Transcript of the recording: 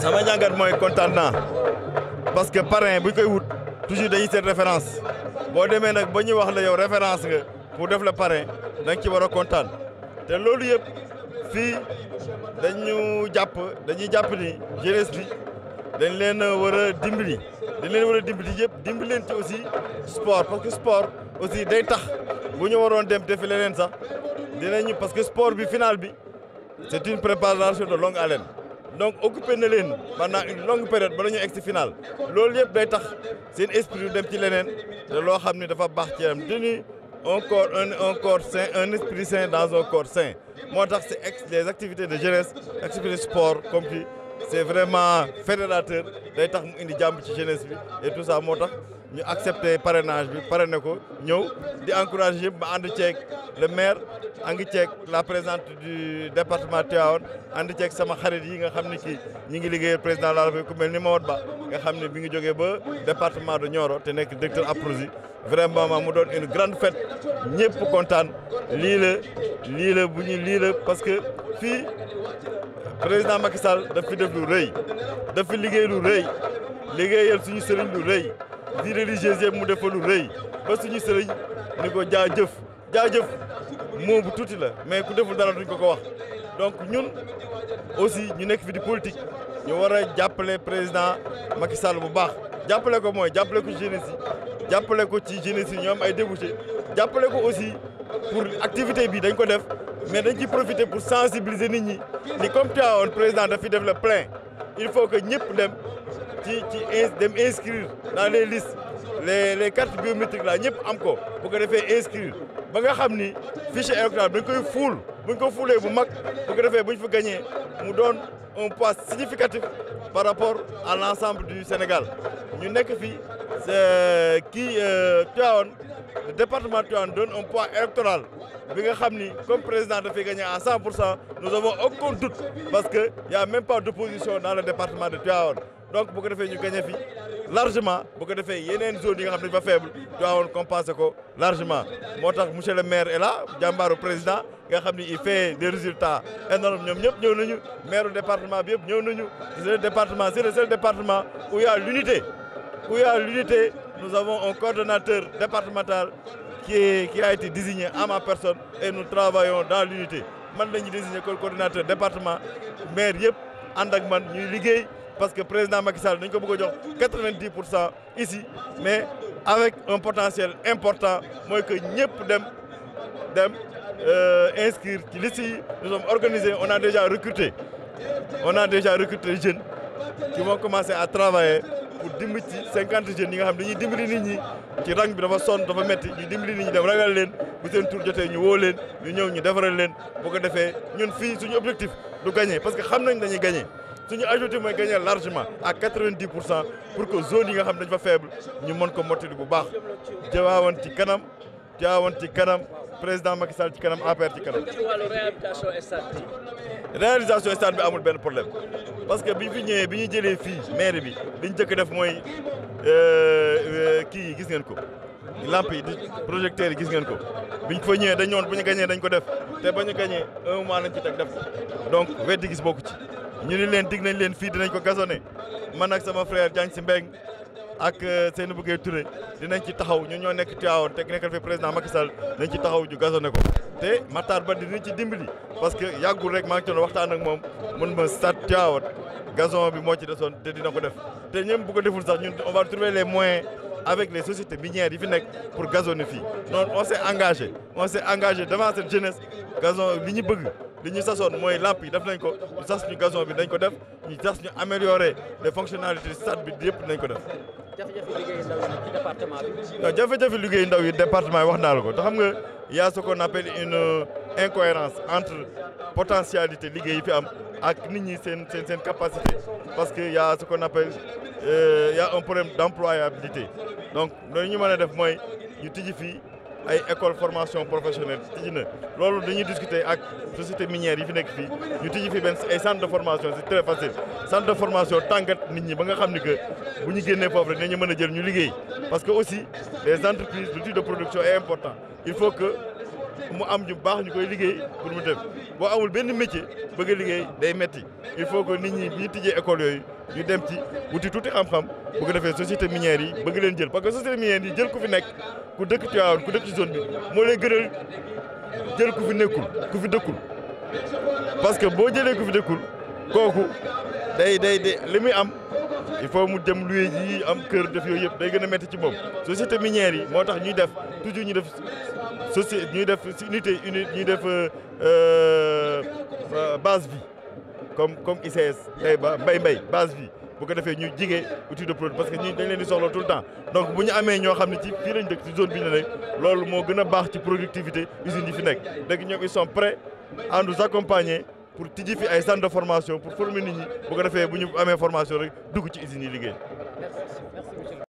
sama jàngat mooy kontaan naa parce que parrain bu koy wut toujours dañuy seet référence boo demee nag ba ñuy wax la yow référence nga pour def la parrain da nga ci war a kontaan te loolu yëpp fii dañu jàpp dañuy jàpp ni jeunesse bi dañ leen war a dimbali dañ leen war a dimbali yëpp dimbali leen ci aussi sport parce que sport day tax bu ñu waroon dem defi leneen sax dinañu parce que sport bi final bi c'est une préparation de longue haleine donc occupé na leen pendant une longue période ba la ñu egg si final loolu yëpp day tax seen esprit dem ci leneen te loo xam ne dafa baax ci yaram tenue un corps un un corps sain un esprit sain dans un corps moo tax si ex les activités de jeunesse activités sport compris c'est vraiment fédérateur day tax mu indi jàmm ci jeunesse bi et tout ça moo tax ñu accepté parenage bi parrainé ko ñëw di encouragé yëpp ba end ceeg le maire ànd ceeg la présidente du département Tivaouane ànd ceeg sama xarit yi nga xam ne kii ñi ngi liggéeyal président de la République ku mel ni Mamadou Ba nga xam ne bi ngi jógee ba département de Nioro te nekk directeur APROSI vraiment ma mu doon une grande fête ñëpp kontaan lii la bu ñu lii parce que fii président Macky Sall daf fi def lu rëy daf liggéey lu rëy liggéeyal suñu sëriñ lu rëy vie religieuse yëpp mu def fa lu rëy ba suñu sëriñ ni ko jaajëf jaajëf moom bu tuuti la mais ku deful dara duñ ko ko wax donc ñun aussi ñu nekk fi di politique ñu war a jàppale président Macky Sall bu baax jàppale ko mooy jàppale ko ci jeunesse yi jàppale ko ci jeunesse yi ñoo am ay débouché jàppale ko aussi pour activité bi dañ ko def mais dañ ciy profiter pour sensibiliser nit ñi ni comme Tivaouane président daf fi def le il faut que ñëpp dem. ci ci dem inscrire dans les listes les les cartes biométriques là ñëpp am ko bu ko defee inscrire ba nga xam ni fichier électoral dañ koy fuul buñ ko fuulee bu mag bu ko defee buñ fa gagné mu doon un poids significatif par rapport à l' ensemble du Sénégal ñu nekk fii euh, kii euh, Tivaouane le département Tivaouane donne un poids électoral bi nga xam ni comme président dafay gagné à 100 pour cent nous avons aucun doute parce que y' a même pas d' donc bu ko defee ñu gagné fi largement bu ko defee yeneen zone yi nga xam ne dañu fa faible daawoon ko largement moo tax monsieur le maire est là jàmbaaru président nga xam ne il fait des résultats énormes ñoom ñëpp ñëw nañu maire département bi yëpp ñëw nañu c'est le département c'est le seul département où il y a l'unité où il y a l'unité nous avons un coordonnateur départemental qui a été désigné à personne et nous travaillons dans l'unité man la ñu désigné comme coordonnateur département maire yëpp ànd ak man ñuy liggéey parce que président Macky Sall dañ ko bëgg a jox quatre-vingt-dix pour cent ici mais avec un important mooy que ñëpp dem dem euh, inscrire ci liste yi nous sommes organisés on a déjà recruté on a déjà recruté jeunes qui vont commencer à travailler pour dimbali ci cinquante jeunes yi nga xam dañuy dimbali nit ñi ci rang bi dafa son dafa metti ñu dimbali nit ñi dem ragal leen bu seen tour jotee ñu woo leen ñu ñëw ñu defaral leen bu ko defee ñun fii suñu objectif du gagner parce que xam nañ dañuy gagner suñu ajouté mooy gagné a à 90 pour cent pour que zone yi nga xam dañ fa faible ñu mën ko mottali bu baax jawaawan ci kanam jawaawan ci kanam président Macky Sall ci kanam APR ci kanam. réalisation stade bi. réalisation stade bi amul benn problème parce que bi fi ñëwee bi ñu jëlee fii maire bi li ñu jëkk def mooy euh, kii yi gis ngeen ko lampe yi di projecteurs yi gis ngeen ko biñ fa ñëwee dañ ñëwoon bu ñu gañee dañ ko def te ba ñu gagné un mois lañ ci teg def ko donc weddi gis bokku ci. ñu ni leen dig nañ leen fii dinañ ko gasone man ak sama frère Diagne si Mbeng ak seen bëggee ture dinañ ci taxaw ñun ñoo nekk Tivaouane te nekkal fi président Macky Sall dinañ ci taxaw ji gasone ko te mataar Ba dinañ ci dimbali parce que yàggul rek maa ngi doon waxtaan ak moom mun ma stade Tivaouane gazon bi moo ci desoon te dina ko def te ñoom bu ko deful sax ñun on va trouver les moyens avec les sociétés minières yi fi nekk pour gazonner fii. donc on s'est engagé on s'est engagé devant cette jeunesse gazon li ñu bëgg. li ñu sasoon mooy lamp yi def nañ ko ñu sas ñu gazon bi dañ ko def ñu sas ñu améliorer les fonctionnalités stade bi yëpp nañ ko def. jafe-jafe liggéeyu ndaw yi ci département bi. waaw jafe-jafe liggéeyu ndaw yi département wax naa la ko te xam nga y a ce qu'on appelle une euh, entre potentialité liggéey yi fi am ak nit ñi seen seen seen capacité parce que y a ce qu'on appelle euh, y a un problème d'employabilité donc loolu ñu mën def mooy ñu tijji ay école formation professionnelle tijji na loolu dañuy discuter ak société minière yi fi nekk fii ñu tijji fi benn ay centre de formation c'est très facile de formation tàngat nit ñi ba nga xam ni que bu ñu génnee foofu rek dinañu mën a jël ñu liggéey parce que aussi les entreprises l'outil de production est important il faut que mu am ju baax ñu koy liggéey pour mu def boo amul benn métier bëgg liggéey day metti il faut que nit ñi bi ñu tijjee école yooyu ñu dem ci wuti tuuti xam-xam bu ko defee société minière yi bëgg leen jël parce que société minière yi jël ku fi nekk ku dëkk Tivaouane ku dëkk ci zone bi moo lay gënal jël ku fi nekkul ku fi dëkkul parce que boo jëlee ku fi dëkkul kooku day day day li muy am il faut mu dem luye yi am kër def yooyu yëpp day gën a metti ci moom société minière yi moo tax ñuy def toujours ñu def société ñuy def unité unité ñuy def euh, euh, base bi comme comme ICS mbay mbay base bi bu ko defee ñu jigée outil de produit parce que ñi dañ leen di soxla tout le temps donc bu ñu amee ñoo xam ne ci fii lañ dëkk ci zone bi ñu ne loolu moo gën a baax ci productivité usines yi fi nekk léegi ñoom ils sont prêts à nous pour tijji fi ay centre de formation pour former nit ñi bu ko defee bu ñu amee formation rek dugg ci usines yi liggéey